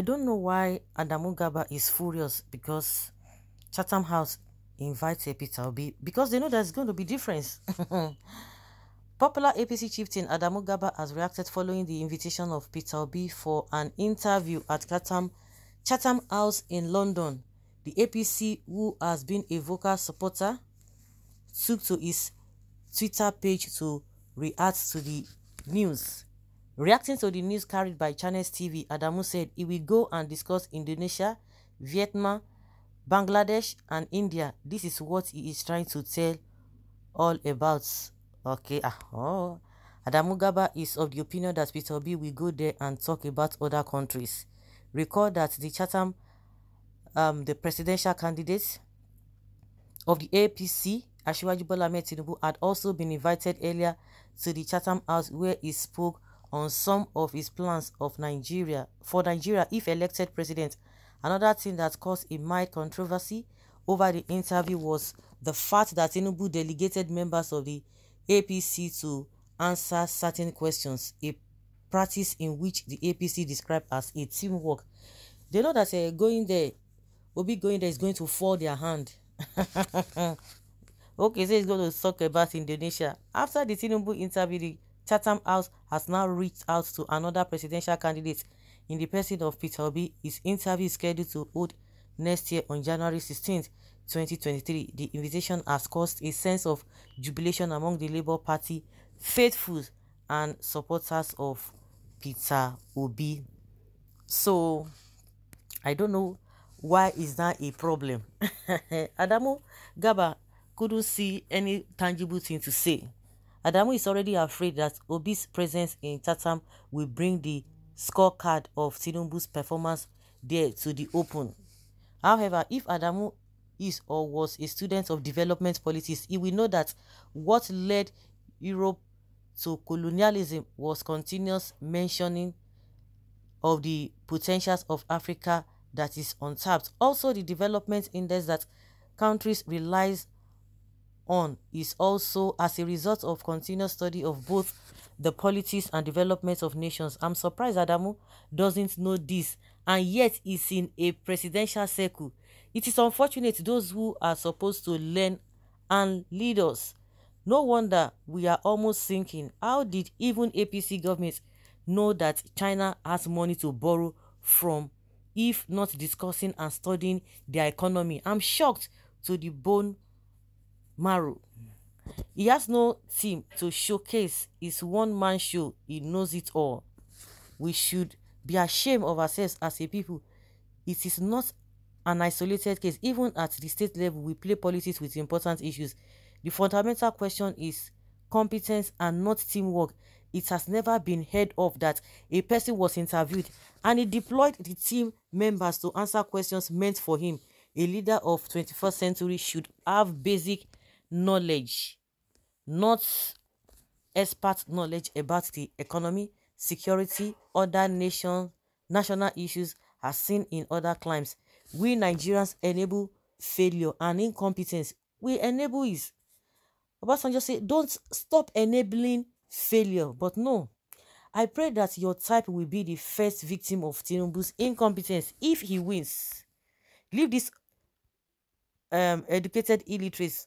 I don't know why Adamu Gaba is furious because Chatham House invites Peter Obi because they know there's going to be difference. Popular APC chieftain Adamu Gaba has reacted following the invitation of Peter Obi for an interview at Chatham, Chatham House in London. The APC, who has been a vocal supporter, took to his Twitter page to react to the news. Reacting to the news carried by Channels TV, Adamu said he will go and discuss Indonesia, Vietnam, Bangladesh and India. This is what he is trying to tell all about. Okay, ah, oh. Adamu Gaba is of the opinion that Peter B will go there and talk about other countries. Recall that the Chatham, um, the presidential candidates of the APC, Ashwaji Bola Tinubu, had also been invited earlier to the Chatham House where he spoke on some of his plans of Nigeria for Nigeria if elected president. Another thing that caused a mild controversy over the interview was the fact that Tinubu delegated members of the APC to answer certain questions, a practice in which the APC described as a teamwork. They know that uh, going there, Obi going there is going to fall their hand. okay, so he's going to talk about Indonesia. After the Tinubu interview, the Chatham House has now reached out to another presidential candidate in the person of Peter Obi. His interview is scheduled to hold next year on January 16, 2023. The invitation has caused a sense of jubilation among the Labour Party faithful and supporters of Peter Obi. So, I don't know why is that a problem. Adamo Gaba couldn't see any tangible thing to say. Adamu is already afraid that Obi's presence in Tatam will bring the scorecard of Tinubu's performance there to the open. However, if Adamu is or was a student of development policies, he will know that what led Europe to colonialism was continuous mentioning of the potentials of Africa that is untapped. Also, the development index that countries relies on is also as a result of continuous study of both the politics and development of nations. I'm surprised Adamu doesn't know this and yet is in a presidential circle. It is unfortunate those who are supposed to learn and lead us. No wonder we are almost sinking. How did even APC governments know that China has money to borrow from if not discussing and studying their economy? I'm shocked to the bone Maru. He has no team to showcase his one-man show. He knows it all. We should be ashamed of ourselves as a people. It is not an isolated case. Even at the state level, we play politics with important issues. The fundamental question is competence and not teamwork. It has never been heard of that a person was interviewed and he deployed the team members to answer questions meant for him. A leader of 21st century should have basic knowledge, not expert knowledge about the economy, security, other nation, national issues as seen in other climes. We Nigerians enable failure and incompetence. We enable is. Obasanjo said, don't stop enabling failure. But no, I pray that your type will be the first victim of Tinubu's incompetence if he wins. Leave this um, educated illiterates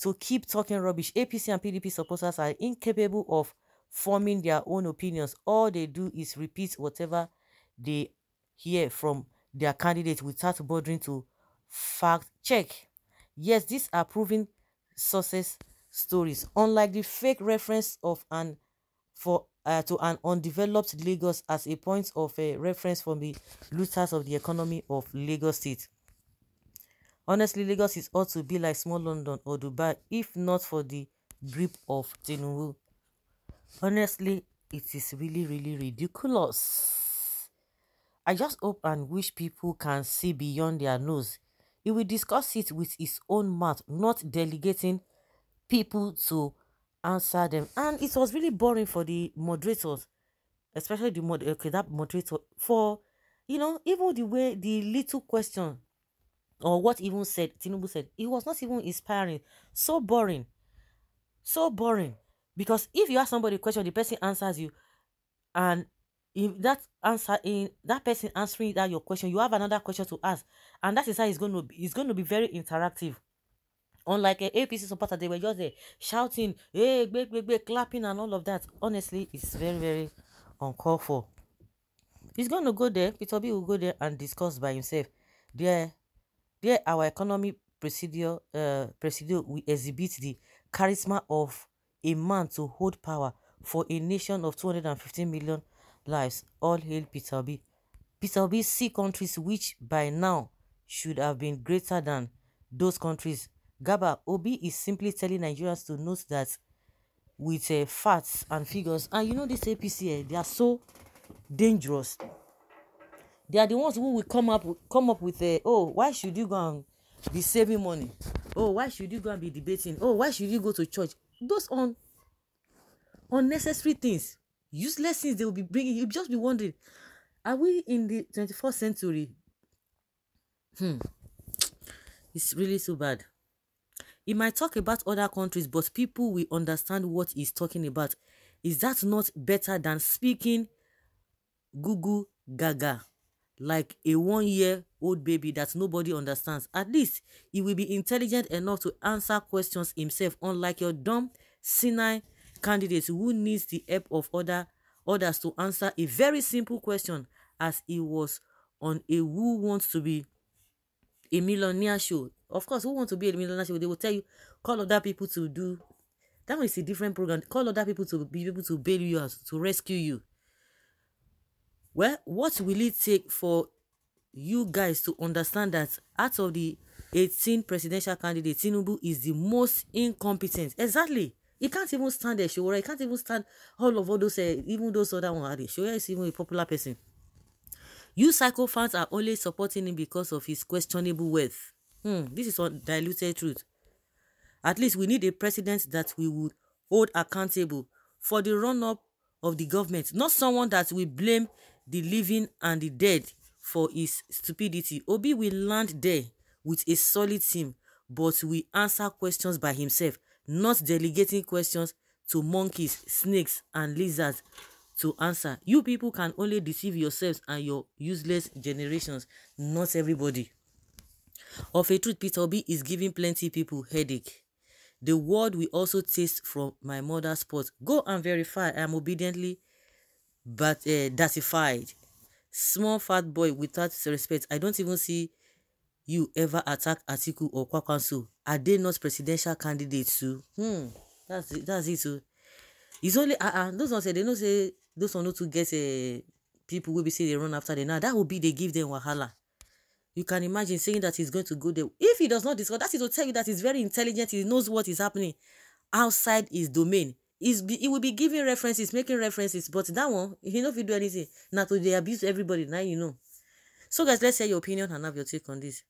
to keep talking rubbish. APC and PDP supporters are incapable of forming their own opinions. All they do is repeat whatever they hear from their candidate without bothering to fact check. Yes, these are proven sources stories. Unlike the fake reference of an for uh, to an undeveloped Lagos as a point of a uh, reference from the looters of the economy of Lagos State. Honestly, Lagos is ought to be like small London or Dubai if not for the grip of Tinubu. Honestly, it is really, really ridiculous. I just hope and wish people can see beyond their nose. He will discuss it with his own mouth, not delegating people to answer them. And it was really boring for the moderators, especially the mod okay, that moderator for you know, even the way the little question or what even said Tinubu said, it was not even inspiring. So boring. So boring. Because if you ask somebody a question, the person answers you, and if that answer in that person answering that your question, you have another question to ask, and that is how it's going to be. It's going to be very interactive. Unlike a APC supporter, they were just there shouting, "Hey, big, big, big," clapping, and all of that. Honestly, it's very, very uncalled for. He's going to go there. Peter B will go there and discuss by himself. There, There, our economy, procedure, uh, presidio will exhibit the charisma of a man to hold power for a nation of 215 million lives. All hail Peter B. Peter Obi see countries which by now should have been greater than those countries. Gaba Obi is simply telling Nigerians to note that with uh, facts and figures. And you know this APC, eh, they are so dangerous. they are the ones who will come up come up with a eh, oh why should you go and be saving money oh why should you go and be debating oh why should you go to church those on unnecessary things useless things they will be bringing you just be wondering are we in the 21st century hmm it's really so bad he might talk about other countries but people will understand what he's talking about is that not better than speaking gugu gaga like a one year old baby that nobody understands. At least he will be intelligent enough to answer questions himself, unlike your dumb, senile candidate who needs the help of other others to answer a very simple question as he was on a who wants to be a millionaire show. Of course, who wants to be a millionaire show? They will tell you, call other people to do that one is a different program. Call other people to be able to bail you out, to rescue you. Well, what will it take for you guys to understand that out of the eighteen presidential candidates, Tinubu is the most incompetent? Exactly. He can't even stand there, Eshiwora. He can't even stand all of all those, uh, even those other ones. Eshiwora is even a popular person. You cycle fans are only supporting him because of his questionable wealth. Hmm, this is undiluted truth. At least we need a president that we would hold accountable for the run-up of the government, not someone that we blame the living and the dead for his stupidity. Obi will land there with a solid team, but will answer questions by himself, not delegating questions to monkeys, snakes, and lizards to answer. You people can only deceive yourselves and your useless generations, not everybody. Of a truth, Peter Obi is giving plenty people headache. The word we also taste from my mother's pot. Go and verify I am obediently but uh, datified small fat boy without respect i don't even see you ever attack atiku or kwakwanso are they not presidential candidates too hmm that's it that's it too it's only ah uh, uh, those ones say eh, they know say those ones no too get uh, people will be say they run after them now that would be they give them wahala you can imagine saying that he's going to go there if he does not discuss that is to tell you that he's very intelligent he knows what is happening outside his domain Is be, he will be giving references making references but that one he no fit do anything Now to they abuse everybody Now you know so guys let's hear your opinion and have your take on this